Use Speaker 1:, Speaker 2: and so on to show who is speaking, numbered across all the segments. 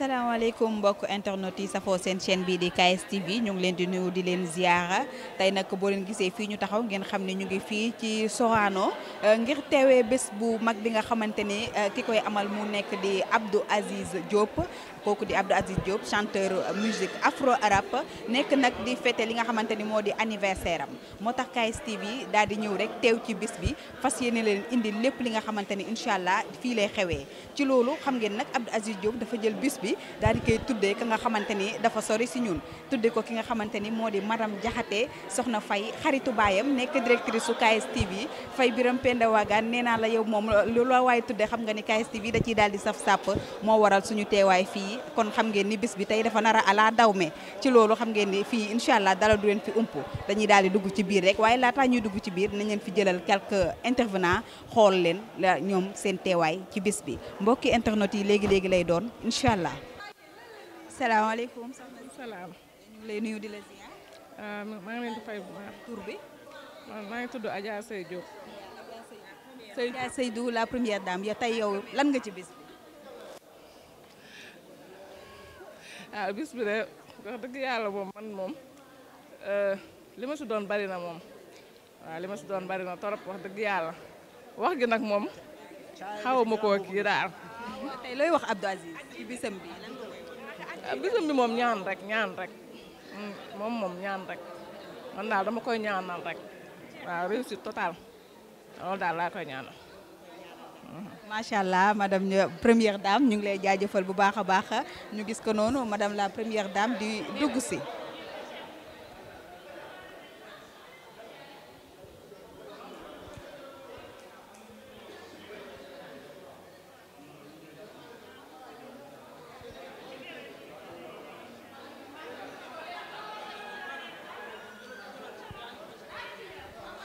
Speaker 1: asalaamaaleykum mbokk internet yi safoo seen chaîne bii di KSTV ñoo ngi leen di nuyu di leen ziara tey nag boo leen gisee fii ñu taxaw ngeen xam ne ñu ngi fii ci Sorano euh, ngir teewee bés bu mag bi nga xamante ni euh, ki koy amal mu nekk di Abdou Aziz Diop kooku di Abdou Aziz Diop chanteur euh, musique afro arabe nekk nag di fête li nga xamante ni moo di anniversaire am moo tax KSTV daal di ñëw rek teew ci bis bi fas yéene leen indi lépp li nga xamante ni incha allah fii lay xewee ci loolu xam ngeen nag Abdou Aziz Diop dafa jël bis bi daal di koy tuddee ka nga xamante ni dafa sori si ñun tuddee ko ki nga xamante ni moo di maram jaxatee soxna fay xaritu baayam nekk directrice su KSTV fay Biram Penda Wagan nee naa la yow moom loolu waaye tuddee xam nga ni KSTV da ciy daal di saf sàpp moo suñu teewaay kon xam ngeen ni bis bi tey dafa nar a daw me ci loolu xam ngeen ni fii incha allah dara du leen fi ump dañuy daal di dugg ci biir rek waaye laataa ñuy dugg ci biir nañ leen fi jëlal quelques intervenants xool leen la ñoom seen teewaay ci bis bi mbokki internet yi léegi léegi lay doon incha allah. salaamaaleykum. salaam. ñu ngi lay nuyu di la ziar. Ah, di fay bu baax tur bi. maa ngi tudd Adja Sey Diop. Sey la première dame ya tey yow lan nga ci bis. waaw ah, bis bi de wax dëgg yàlla moom man moom
Speaker 2: euh, li ma si doon bari na moom waaw li ma si doon bari na torop wax dëgg yàlla wax gi nag moom xaw ma koo kii daal. wax Abdou Aziz ci ah, bisam bi. moom ñaan rek ñaan rek hmm, moom moom ñaan rek man daal dama koy ñaanal rek waaw réussite totale loolu daal laa koy ñaanal.
Speaker 1: macha allah madame première dame ñu ngi lay jaajëfal bu baax a baax ñu gis ko noonu madame la première dame di dugg si.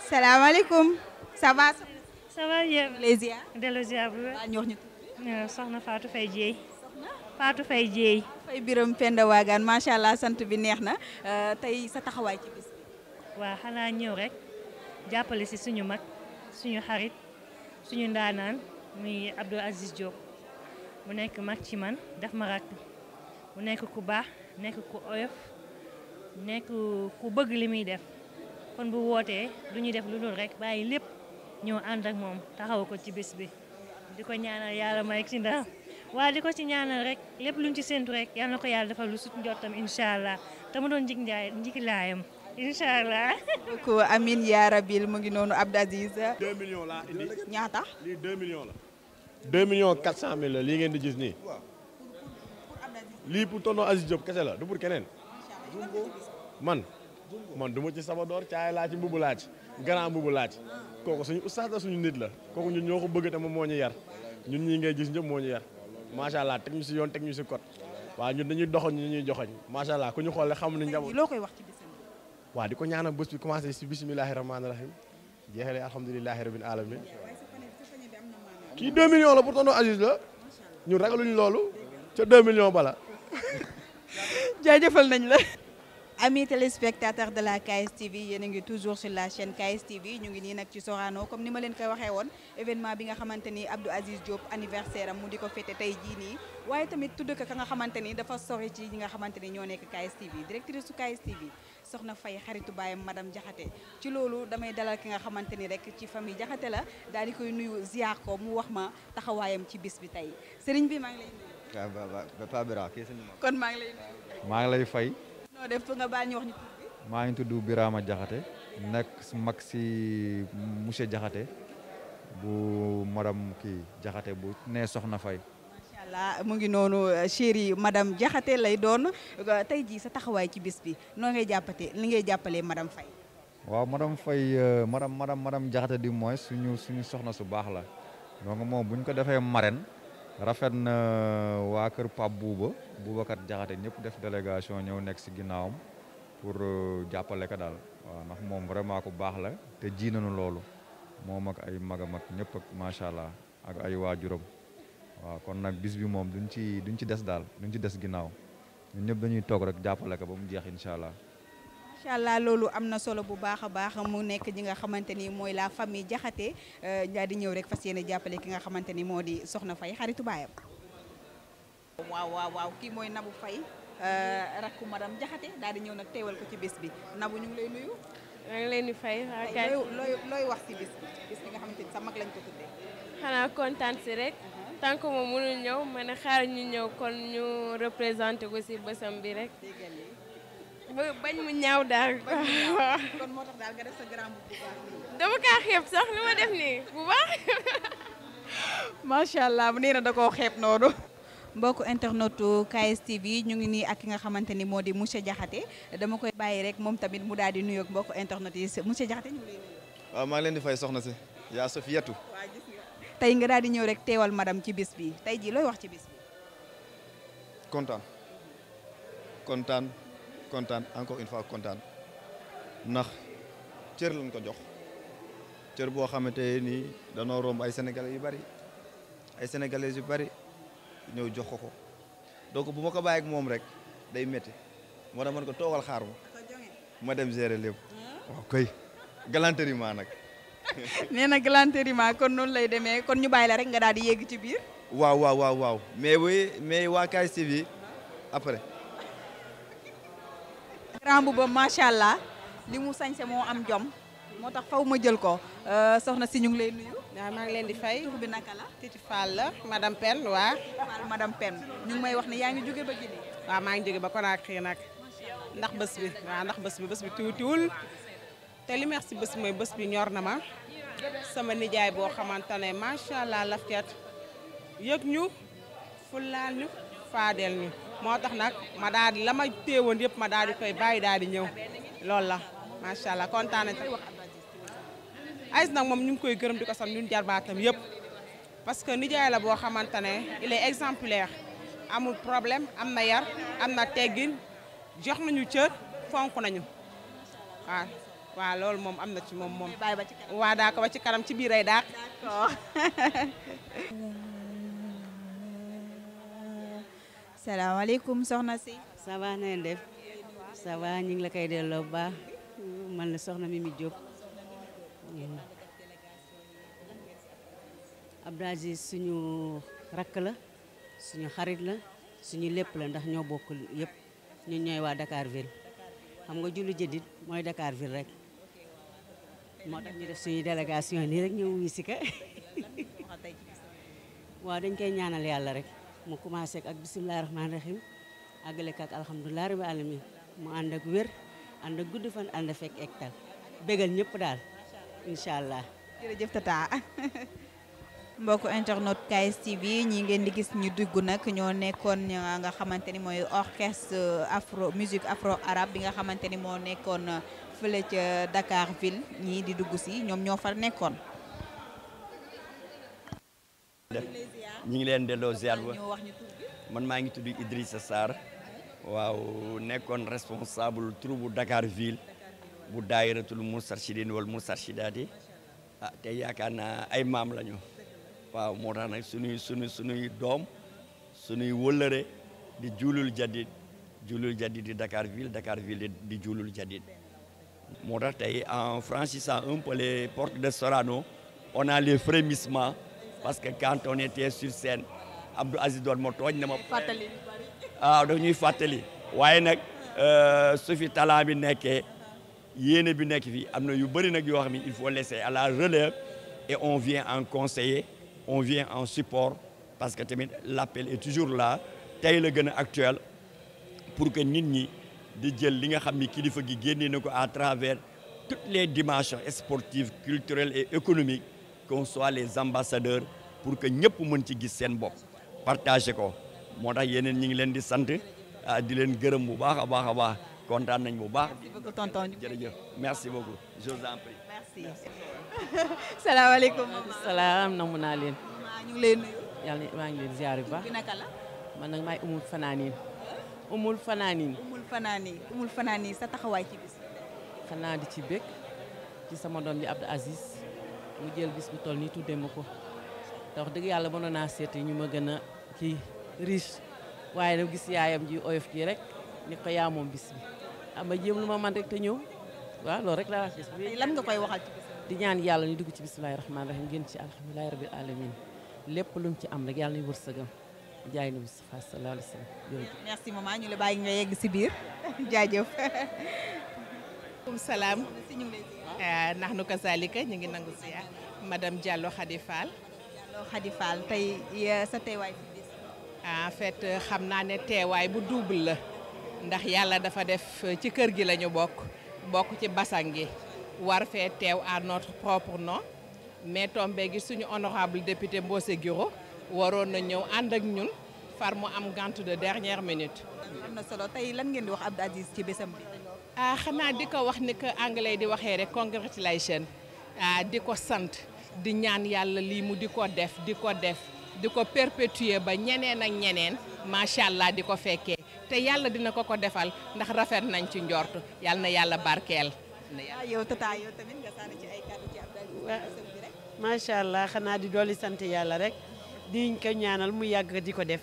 Speaker 1: salaamaaleykum ça va. ça va yéen. delloo ziar bu wér. ñoo fay tudd. Euh, soxna Fatou Biram Penda Waagaan macha allah sant bi neex na euh,
Speaker 2: tey sa taxawaay ci bis bi. waaw xanaa ñëw rek jàppale si suñu mag suñu xarit suñu ndaanaan muy Abdou Aziz Diop mu nekk mag ci man daf ma rakk mu nekk ku baax nekk ku oyof nekk ku bëgg li muy def kon bu wootee du ñu def lu dul rek bàyyi lépp. ñoo ànd ak moom taxaw ko ci bés bi di ko ñaanal yàlla may ci ndam waaye di ko ci ñaanal rek lépp luñ ci séntu rek yal ko yàlla defal lu sut njottam incha allah te mu doon njig njaay
Speaker 1: njig laayam incha allah. kooku Amin yaa mu ngi noonu Abdou Aziz. ñaata.
Speaker 3: lii 2 millions la. 2 millions 400 mille la lii ngeen di gis nii. lii pour tonton Aziz Diop kese la du pour keneen. man man du ma ci sama door caay laa ci mbubu laa grand bubu laaj kooku suñu ustaas la suñu nit la kooku ñun ñoo ko bëgg te moom moo ñu yar ñun ñii ngay gis ñëpp moo ñu yar macha allah teg ñu si yoon teg ñu si code waaw ñu dañuy doxoñ ñu ñuy joxoñ macha allah ku ñu xoolee xam nañ njaboot loo waaw di ko ñaana bés bi commencé si bisimilahi rahmaani rahim jeexalee alhamdulilahi rabbil alamin kii 2 millions la pour tonton Aziz la ñun ragaluñ loolu ca 2 millions bala jaajëfal nañ la amis
Speaker 1: téléspectateurs de la KSTV yéen a ngi toujours sur la chaîne KSTV ñu ngi nii nag ci Sorano comme ni ma leen koy waxee woon événement bi nga xamante Abdou Aziz Diop anniversaire am mu di ko fêté tey jii nii waaye tamit tudd ka nga xamante ni dafa sori ci nga xamante ni ñoo nekk KSTV directrice su KSTV soxna Faye xaritu baayam madame Diakhaté ci loolu damay dalal ki nga xamante ni rek ci famille Diakhaté la daal di koy nuyu ziar ko mu wax ma taxawaayam ci bis bi tey sëriñ bi maa ngi lay nuyu.
Speaker 3: Ah,
Speaker 1: kon maa ngi lay nuyu.
Speaker 3: maa ngi lay
Speaker 1: noo def nga baal ñu wax
Speaker 3: ñu maa ngi tudd Birama Diakhaté nekk mag si monsieur Diakhaté bu madame kii Diakhaté bu nee Soxna fay
Speaker 1: macha mu ngi noonu chéri madam jaxate lay doon tey jii sa taxawaay ci bés bi noo ngay jàppate li ngay jàppalee madame Faye
Speaker 3: waaw madame Faye euh, madame madame madame Diakhaté di mooy suñu suñu soxna su baax la donc moom bu ñu ko defee marraine rafet na euh, waa kër Pape Bouba Boubacar Jaxate ñëpp def délégation ñëw nekk si ginnaawam pour euh, jàppale ko daal waaw ndax moom vraiment ku baax la te ji nañu loolu moom ak ay magam ak ñëpp ak macha allah ak ay waajuram waaw kon nag bis bi moom duñ ci duñ ci des daal duñ ci des ginnaaw ñun ñëpp dañuy toog rek jàppale ko ba mu jeex incha allah.
Speaker 1: macha allah loolu am na solo bu baax a baax mu nekk ñi nga xamante ni mooy la famille Jaxate euh, daal di ñëw rek fas yéene jàppale ki nga xamante ni moo di Soxna Faye xaritu baayam. waaw waaw kii mooy Nabou Faye euh, rakku madame Jaxate daal di ñëw nag teewal ko ci bis bi Nabou ñu lay nuyu. maa leen di fay. looy looy wax ci bis bi nga xamante ni sa mag lañ ko tuddee.
Speaker 2: xanaa kontaan rek. Uh-huh. tant que moom mënul ñëw ma ne xaar ñu ñëw kon ñu représenté ko si bësam bi rek. bañ
Speaker 1: mu ñaaw daal waaw. kon dama kaa xeeb sax lu ma def nii bu baax. macha allah bu nee na da koo xeeb noonu. mbokk internetu KSTV ñu ngi nii ak ki nga xamante ni moo di monsieur Diakhaté dama koy bàyyi rek moom tamit mu daal di nuyoog mbokk internet yi monsieur Diakhaté
Speaker 3: waaw maa leen di fay soxna si. yaa Sofiatou.
Speaker 1: tey nga daal di ñëw rek teewal madame ci bis bi tey jii looy wax ci bis bi.
Speaker 3: kontaan kontaan. kontaan encore une fois kontaan ndax cër lañ ko jox cër boo xamante nii danoo romb ay sénégalais yu bari ay sénégalais yu bari ñëw jox ko ko donc bu ma ko bàyyi moom rek day métti moo tax man ko toogal xaar moo ma dem gérer lépp waaw ma nag
Speaker 1: nee ma kon la rek nga daal di yegg ci
Speaker 3: waaw waaw waaw waaw mais oui après
Speaker 1: grand ba macha allah li mu sañse moo am jom moo tax faw ma jël ko euh, soxna si ñu ngi lay nuyu. waaw maa ngi leen di fay tur bi naka la. Titi Fall la madame Pen waaw. Fall ñu ngi may wax ne yaa ngi jóge ba Guinée. waaw maa ngi jóge ba Conakry nag ndax bés bi waaw ndax bés bi bi tuutiwul te li meex si bés mooy bés bi ñor na ma
Speaker 2: sama nijaay boo xamante ne macha allah laftet yëg ñu fulaal ñu faadeel ñu. moo tax nag ma daal di la ma téewoon yëpp ma daal di koy bàyyi daal di ñëw loolu la macha allah kontaan nañ Aziz nag moom ñu ngi koy
Speaker 1: gërëm di ko sant ñun jarbaatam yépp parce que nijaay la boo xamante ne il est exemplaire amul problème am na yar am na teggin jox nañu cër fonk nañu waaw waaw loolu moom am na ci moom moom waa daa ko ba ci kanam ci biir ay daaq salaamaaleykum soxna si. ça va na def ça va ñu ngi la koy delloo bu baax man la soxna Mimi Diop. Abdou Aziz suñu rakk la suñu xarit la suñu lépp la ndax ñoo bokk yëpp ñu ñoy waa Dakar ville xam nga julli jëdit mooy Dakar ville rek moo tax ñu def suñu délégation nii rek ñëw wuyu si ka waaw dañ koy ñaanal yàlla rek. mu commencé ak bisimilah rahmaani rahim àggale ak alhamdulilah rabbil mu ànd ak wér ànd ak gudd fan ànd fekk egtal bégal ñëpp daal incha allah. jërëjëf tata mbokku internet KS TV ñi ngeen di gis ñu dugg nag ñoo nekkoon nga xamante ni mooy orchestre afro musique afro arabe bi nga xamante ni moo nekkoon fële ca Dakar ñii di dugg si ñoom ñoo fa nekkoon.
Speaker 3: def ñu ngi leen delloo ziar ba man maa ngi tudd Idrissa Sarr waaw nekkoon responsable troupe bu Dakar ville bu daayiratul Moustarchidine wala Moustarchidaati ah te yaakaar naa ay maam lañu waaw moo tax nag sunuy sunuy sunuy doom sunuy wëllëre di juulul jadid juulul jadid di Dakar ville Dakar ville di juulul jadid moo tax tey en franchissant un peu les portes de on a les frémissements parce que quand on était sur scène Abdou Aziz doon tooñ na ma. fàttali waaw ah, fàttali. waaye nag euh, su fi talent bi nekkee yéene bi nekk fii am na yu bëri nag yoo xam ne il faut laisser à la relève et on vient en conseiller on vient en support parce que tamit l'appel est toujours là tey la gën a actuel pour que nit ñi di jël li nga xam ni kilifa gi génnee na ko à travers toutes les dimensions sportives culturelles et économiques. qu'on soit les ambassadeurs pour que ñëpp mën ci gis seen bop partagé ko moo tax yeneen ñi ngi leen di sant ah, di leen gërëm bu baax a baax a baax kontaan nañ bu baax. merci beaucoup tonton jërëjëf merci beaucoup je en prie. merci. salaamaaleykum. salaam namu naa leen. ñu ngi maa ngi leen ziar bu baax.
Speaker 1: man nag maay umul fanaanin. umul fanaanin. umul fanaanin sa taxawaay ci bis. xanaa di ci bëgg ci sama doom ji Abdou Aziz. mu jël
Speaker 2: bis bu toll nii tuddee ma ko te wax dëgg yàlla mënoon naa seeti ñu ma gën a ci riche waaye nag gis yaayam ji oyof ji rek ni ko yaa moom bis bi ama jéem lu ma man rek te ñëw
Speaker 1: waaw loolu rek laa gis lan nga koy waxal ci
Speaker 2: di ñaan yàlla ñu dugg ci bis bismillahi rahmaani rahim ngeen ci alhamdulilahi rabil alamin lépp lu ci am rek yàlla ñuy wërsëgam jaay na Mustafa sallallahu alayhi wa
Speaker 1: sallam jërëjëf Eh, ndax nu kazalika ñu ngi nangu ziar madame Diallo Khady Fall. Diallo Khady Fall tey sa teewaay fi en fait xam naa ne teewaay bu double la ndax yàlla dafa def eh, ci kër gi la bokk bokk ci basan gi war fee teew à notre propre nom mais tombé gi suñu honorable député Mbose Guiro waroon na ñëw ànd ak ñun far mu am gant de dernière minute. am na solo tey lan ngeen di wax Abdou Aziz ci bésam bi. ah xanaa di ko wax ni ko anglais di waxee rek congratulation ah di ko sant
Speaker 2: di ñaan yàlla lii mu di ko def di ko def di ko perpétuer ba ñeneen ak ñeneen macha allah di ko fekkee te yàlla dina ko ko defal ndax rafet nañ ci njort yàlla na yàlla barkeel.
Speaker 1: Ah, yow tata yow
Speaker 2: macha allah xanaa di dolli sant yàlla rek diñ ko ñaanal mu yàgg di ko def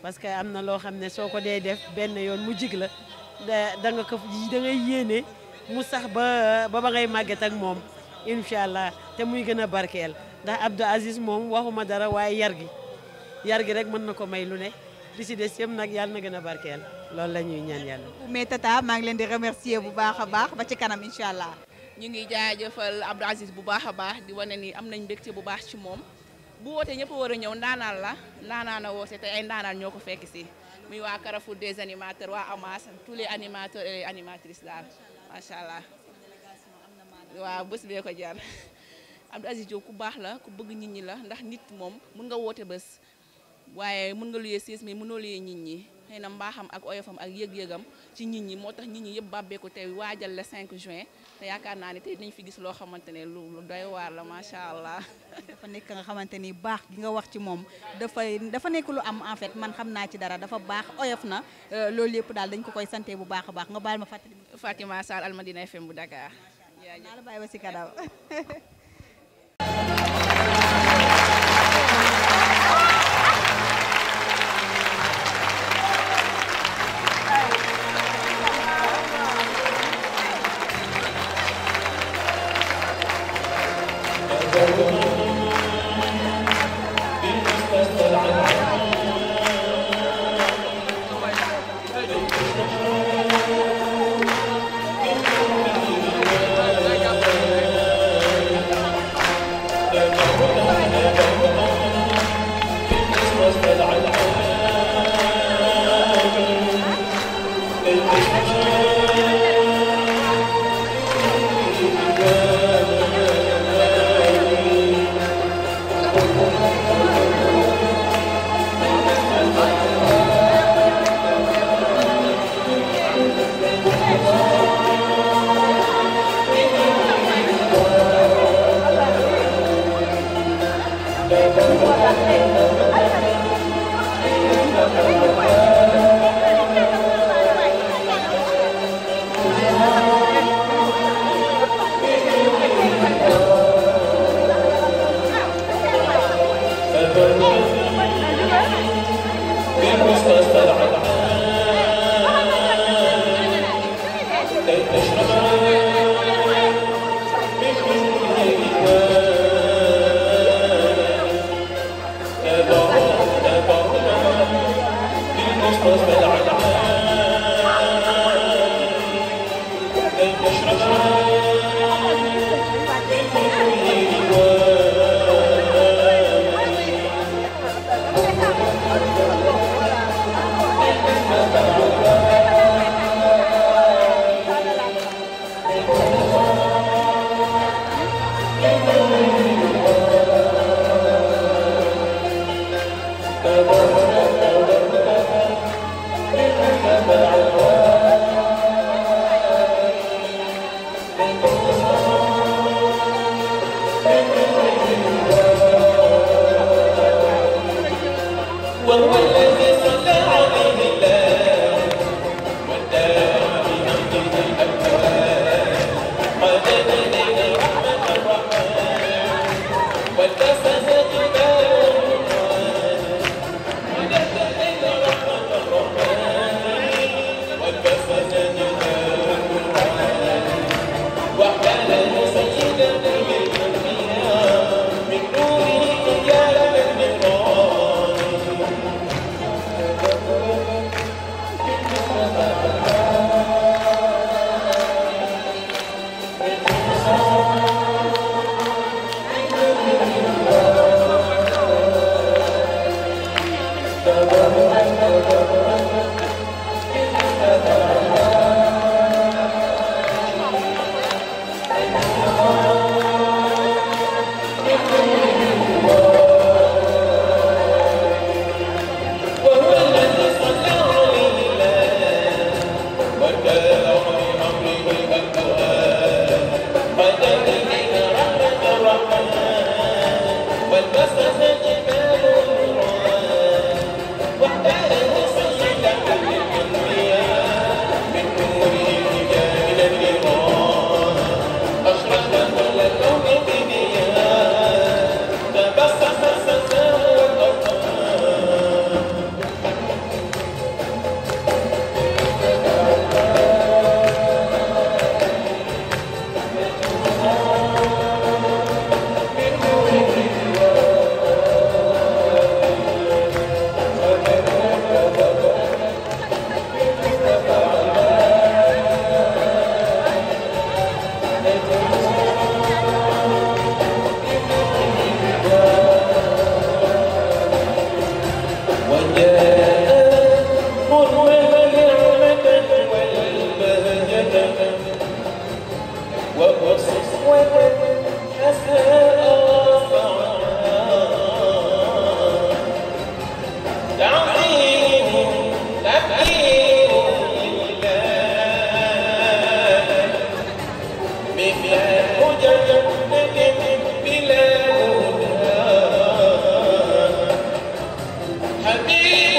Speaker 2: parce que am na loo xam ne soo ko dee def benn yoon mu jig la da nga ko da ngay yéene mu sax ba ba ngay màgget ak moom incha allah te muy gën a barkeel ndax Abdou Aziz moom waxuma dara waaye yar gi yar gi rek mën na ko may lu ne li si des nag yàlla na gën a barkeel loolu la ñuy ñaan yàlla.
Speaker 1: mais tata maa ngi leen di remercier bu baax a baax ba ci kanam incha allah. ñu ngi jaajëfal Abdou Aziz bu baax a baax di wane nii am nañ mbégte bu baax ci moom bu wootee ñëpp war a ñëw ndaanaan la ndaanaan a woote te ay ndaanaan ñoo ko fekk si. muy waa Carrefour des animateurs waa Amas tous les animateurs et les animatrices daal macha allah waaw bés bee ko jar Abdou Aziz Diop ku baax la ku bëgg nit ñi la ndax nit moom mën nga woote bés waaye mun nga luyee siis mais mënoo luyee nit ñi xëy na mbaaxam ak oyofam ak yëg-yëgam ci nit ñi moo tax nit ñi yëpp bàbbeeku tey waajal la 5 juin te yaakaar naa ne tey dinañ fi gis loo xamante ne lu doy waar la macha allah. dafa nekk nga xamante ni baax gi nga wax ci moom dafay dafa nekk lu am en fait man xam naa ci dara dafa baax oyof na euh, loolu yëpp daal dañ ko koy sante bu baax a baax nga baal ma fàttali. Fatima Sall Almadina FM bu Dakar. Thank you.
Speaker 2: Amin.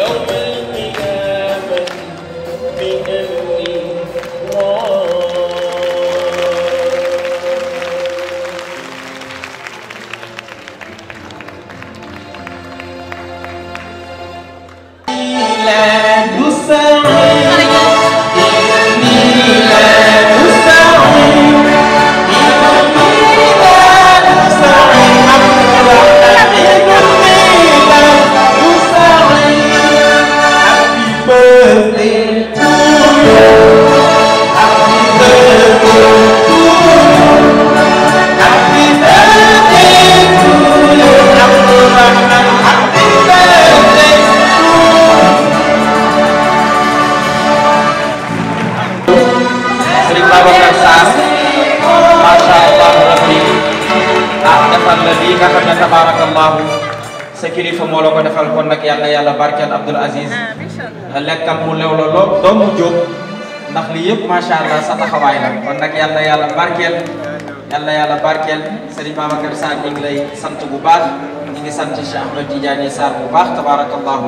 Speaker 2: يوم
Speaker 3: yàlla barkeel Abdoul Aziz ah, lekkam mu lew la lool doomu jóg
Speaker 2: ndax lii yëpp macha allah sa taxawaay la kon nag yàlla yàlla barkeel yàlla yàlla barkeel sëriñ Babacar Sarr ñu ngi lay sant bu baax ñu ngi sant Cheikh Ahmed Tidiane Sarr bu baax tabarakallahu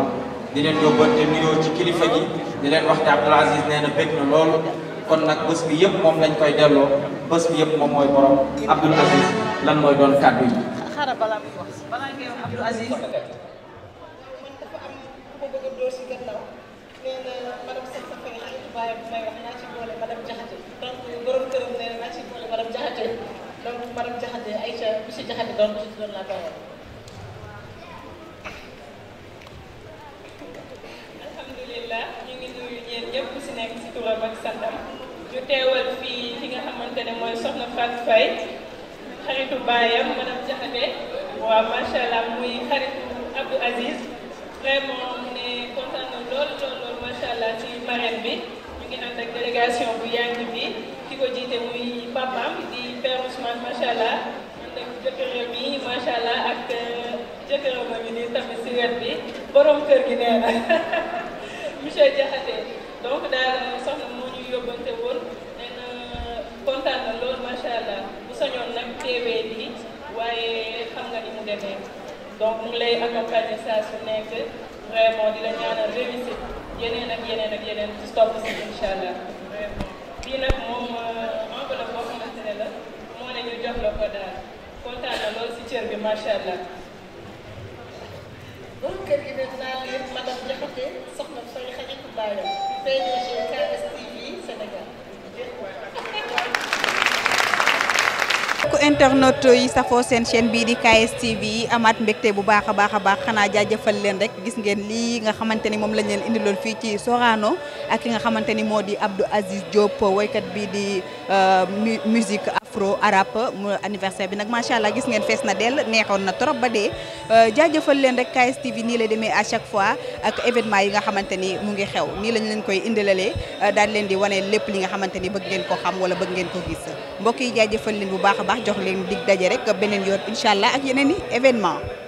Speaker 2: di leen yóbbante nuyoo ci kilifa gi di leen wax ne Abdoul Aziz nee na bég na loolu kon nag bés bi yëpp moom lañ koy delloo bés bi yëpp moom mooy borom Abdoul Aziz lan mooy doon kàddu yi.
Speaker 1: nee na madame Seck sa fay xarit
Speaker 2: waaye bu may wax naa ci boole madame Diakhaté donc borom këram nee na naa ci boole madame Diakhaté donc madame Diakhaté Aïcha monsieur Diakhaté donc je te donne la parole. alhamdulilah ñu ngi nuyu ñeen ñëpp si nekk si turam ak santam teewal fii ki nga xamante ne mooy soxna Fatou Faye xaritu baayam madame Diakhaté waaw macha allah muy xaritu Abdou Aziz vraiment ne kontaan na lool marraine bi ñu ngi ànd ak délégation bu yàng bi ki ko jiite muy papam di père Ousmane macha allah ànd ak jëkkëram yi macha allah ak euh, jëkkëram a ngi nii tamit si wet bi borom kër gi nee na monsieur Diakhaté donc daal soxna moo ñu yóbbante woon nee kontaan na lool macha allah bu sañoon nag teewee nii waaye xam nga ni mu demee donc mu ngi lay accompagner saa su nekk vraiment di la ñaanal réussite. yeneen ak yeneen ak yeneen topp si incha allah bii nag moom enveloppe euh, boo xamante ne la moo ne ñu jox la ko daal kontaan na lool si cër bi macha allah. bon kër gi nag naa leen madame Diakhaté soxna Faye xarit Mbaye. PDG KST
Speaker 1: ku internet yi safoo seen chaîne bii di KSTV yi amaat mbégte bu baax a baax a baax xanaa jaajëfal leen rek gis ngeen lii nga xamante ni moom lañ leen indiloon fii ci Sorano ak ki nga xamante ni moo di Abdou Aziz Diop woykat bii di Euh, musique afro arabe mu anniversaire bi nag macha allah gis ngeen fees na dell neexoon na trop ba dee euh, jaajëfal leen rek KSTV nii la demee à chaque fois ak événement yi nga xamante ni mu ngi xew nii lañ leen koy indilalee euh, daal leen di wane lépp li nga xamante ni bëgg ngeen ko xam wala bëgg ngeen ko gis mbokk yi jaajëfal leen bu baax a baax jox leen dig daje rek beneen yoon incha allah ak yeneen i événement